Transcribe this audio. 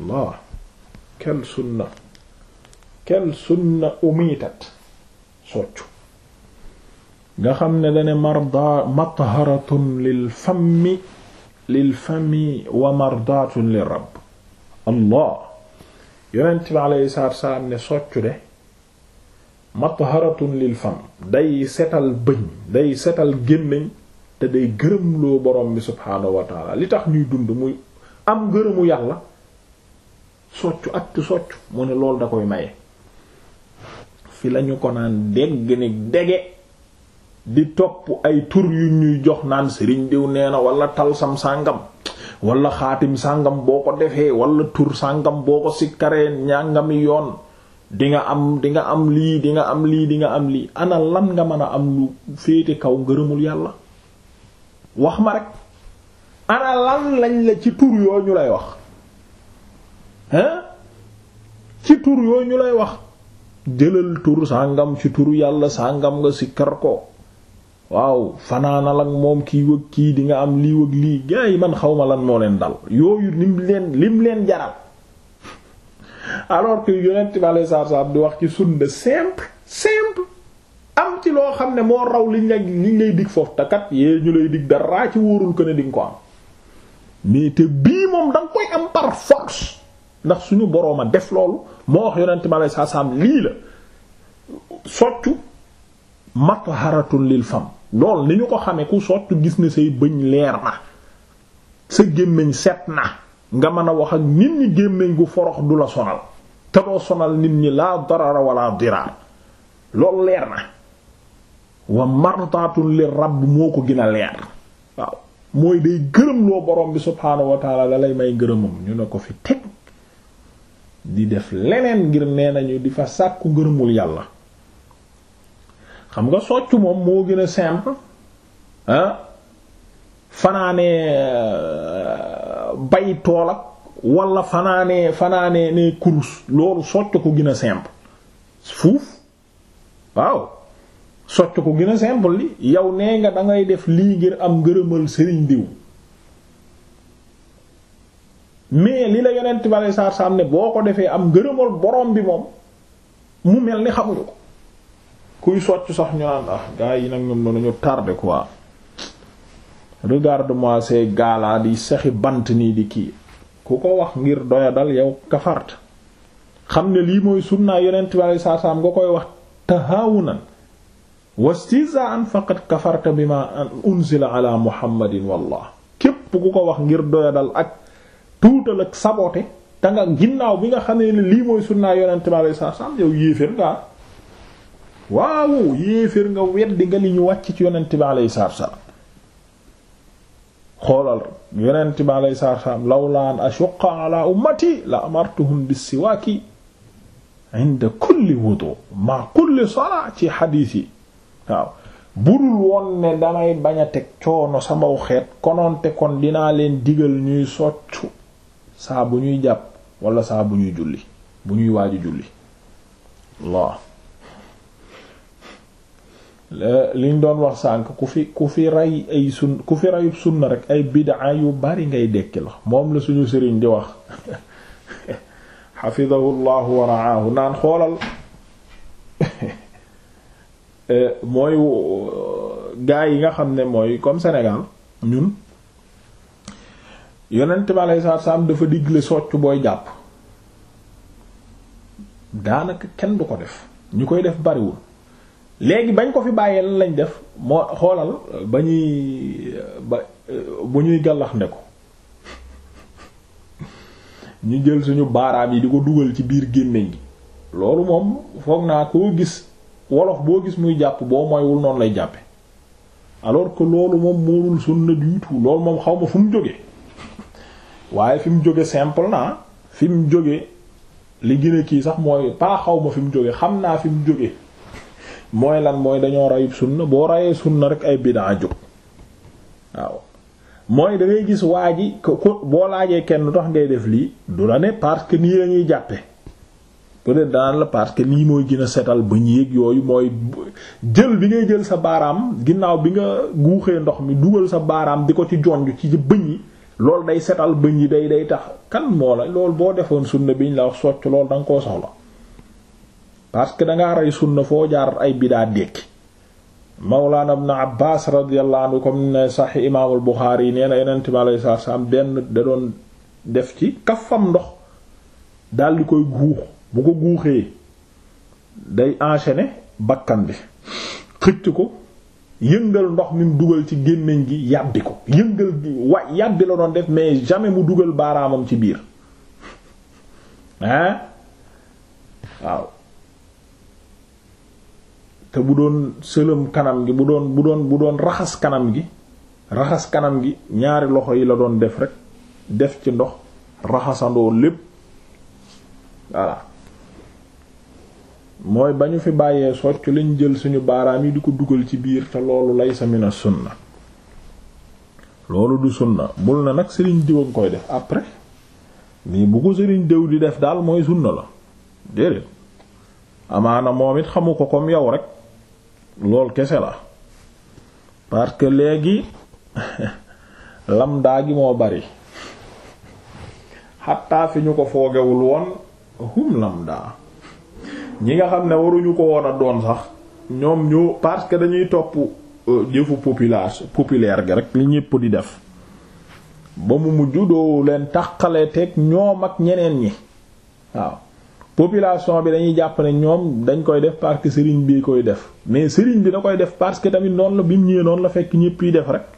allah quelle sunna quelle sunna umitat soccu nga xam ne dane marda matharatun lil fammi lil fammi wa mardatun lil rabb allah yonent bi alayhi salaatu ne soccu de matharatun lil fam day setal bëñ day setal gémmiñ te day gërëmloo borom bi subhaanahu wa taala li tax ñuy dund muy am gërëmu yàlla soccu ak soccu mu ne loolu da koy maye fi lañu ko naan dégg ni dege di topp ay tur yu ñuy jox naan sëriñ diw nee na wala talsam sàngam wala xaatim sàngam boo ko defee walla tur sàngam boo ko sikkaree ñàngami yoon di nga am di nga am lii di nga am lii di nga am lii ana lan nga mën a am lu féete kaw ngërëmul yàlla wax ma rek ana lan lañ la ci tur yoo ñu lay wax hein ci tur yooyu ñu lay wax jëlal tur sàngam ci turu yàlla sàngam nga sikkar ko waaw fanaanal ak moom kii wëg kii dinga am lii wëg lii gaa yi man xawma lan moo leen dal yooyu lim leen lim leen jaral alors que yonent bi alei saatu di wax ci sunna simple simple am ci loo xam ne moo raw li lay liñ lay dig foofu yee ñu lay dig dara ci wóorul ko ne di nga ko am mais te bii moom danga koy am par ndax suñu borooma def loolu moo wax yonent bi alayhi salaam lii la soccu matharatun lil fam lool ni ñu ko xamee ku soccu gis ne say bëñ leer na sa gémmiñ set na nga mën a wax ak nit ñi gémmiñ gu forox du la sonal te doo sonal nit ñi laa darara wala diraar loolu leer na wa martaatun lil rabb moo ko gën a leer waaw mooy day gërëm loo borom bi subhaanahu wa taala la lay may gërëmam ñu ne ko fi teg di def leneen ngir nee nañu di fa sàkku ngërëmul yàlla xam nga soccu moom moo gën a simple ah, fanaane euh, bay tool ak fanaane fanaane ne kurus loolu soccu ko gën a simple fuuf waaw soccu ko gën a simple li yow nee nga da ngay def lii ngir am ngërëmal sëriñ diw mais lii la yeneen bale saar saam ne boo ko defee am ngërëmal boroom bi moom mu mel ni xamuñu ko kuy socc sax ñu naan ah gars yi nag ñoom noonu ñu tardé quoi regarde-moi ces gars-là di saxi bant nii di kii ku ko wax ngir doya dal yow kafart xam ne lii mooy sunnaa yonent bale saar saam nga koy wax tahawunan wastizaan faqad kafarta bima unzila ala muhammadin wallah képp ku ko wax ngir doya dal ak tuutal ak saboté te nga ginnaaw bi nga xam ne lii mooy sunnaa yonent bi alayhi yow yéeféer nga waaw yéeféer nga weddi nga li ñu wàcc ci yonent bi alayhi salaam xoolal yonent bi alayhi salaam lawlaa an ashqa ala ummati la amartuhum bis-siwaaki ci xadiis yi waaw budul woon ne damay bañ a teg coono samaw xeet kon dinaa leen digal ñuy soccu saa bu ñuy jàpp walla saa bu ñuy julli bu ñuy waaju julli waaw liñ doon wax sànk ku fi ku fi rey ay sun ku fi reyub sunna rek ay bid'a yu bari ngay dekki la moom la suñu sëriñ di wax xafidahu llahu wa naan xoolal eh, mooy gaa yi nga xam ne mooy comme Sénégal ñun yonent bi alayhi salaatu salaam dafa digle soccu booy jàpp daanaka kenn du ko def ñu koy def bariwul léegi bañ ko fi bàyyi lan lañ def moo xoolal ba ñuy ba bu ñuy gàllax ne ko ñu jël suñu baaraam yi di ko dugal ci biir gémmiñ gi loolu moom foog naa koo gis wolof boo gis muy jàpp boo moywul noonu lay jàppe alors que loolu moom moolul sunna du tout loolu moom xaw ma fu mu jógee waaye fi mu jóge simple na fi mu jóge li gën kii sax mooy paaxaw ma fi mu jóge xam naa fi mu jóge mooy lan mooy dañoo rayub sunna boo rayee na rek ay bidaa jóg waaw mooy dangay gis waa ji ko boo laajee kenn dox tax ngay def lii du la ne parce que nii lañuy jàppe peut-être daan la parce que nii mooy gën a setal ba ñu yëg yooyu mooy jël bi ngay jël sa baaraam ginnaaw bi nga guuxee ndox mi dugal sa baaraam di ko ci jonj ci bëñ yi loolu day setal bëñ yi day day tax kan moo la loolu boo defoon sunna biñ la wax socc loolu da koo soxla parce que dangaa rey sunna foo jaar ay bidaa dékki mawlaana ibn abbas radiyallahu anhu comme ne saxi imaamul buxaari yi nee na yenente mi alei satu salaam benn da doon def ci kafam ndox dal di koy guux bu ko guuxee day enchaîner bakkan bi xëcc ko yëngal ndox mi dugal ci gémmiñ gi yàbbi ko yëngal gi wa yàbbi la doon def mais jamais mu dugal baaraamam ci biir hein waaw te bu doon sëlëm kanam gi bu doon bu doon bu doon raxas kanam gi raxas kanam gi ñaari loxo yi la doon def rek def ci ndox raxasandoo lépp voilà mooy ba ñu fi bàyyee socc lañ jël suñu baaraam yi di ko dugal ci biir te loolu laysa mina sunna loolu du sunna bul na nag sëriñ diw nga koy def après mais bu ko sëriñ diw di def daal mooy sunna la déedéet amaana moom it xamu ko comme yow rek lool kese la parce que léegi lamdaa gi moo bari xattaa fi ñu ko foogewul woon hum lamdaa ñi nga xam ne waruñu ko woon a doon sax ñoom ñu parce que dañuy topp euh, jëfu population populaire gi rek li ñépp di def ba mu mujj doo leen taqale teg ñoom ak ñeneen ñi waaw population bi dañuy jàpp ne ñoom dañ koy def parce que sëriñ bi koy def mais sëriñ bi da koy def parce que tamit noonu la bi mu ñëwee noonu la fekk ñépp yi def rek.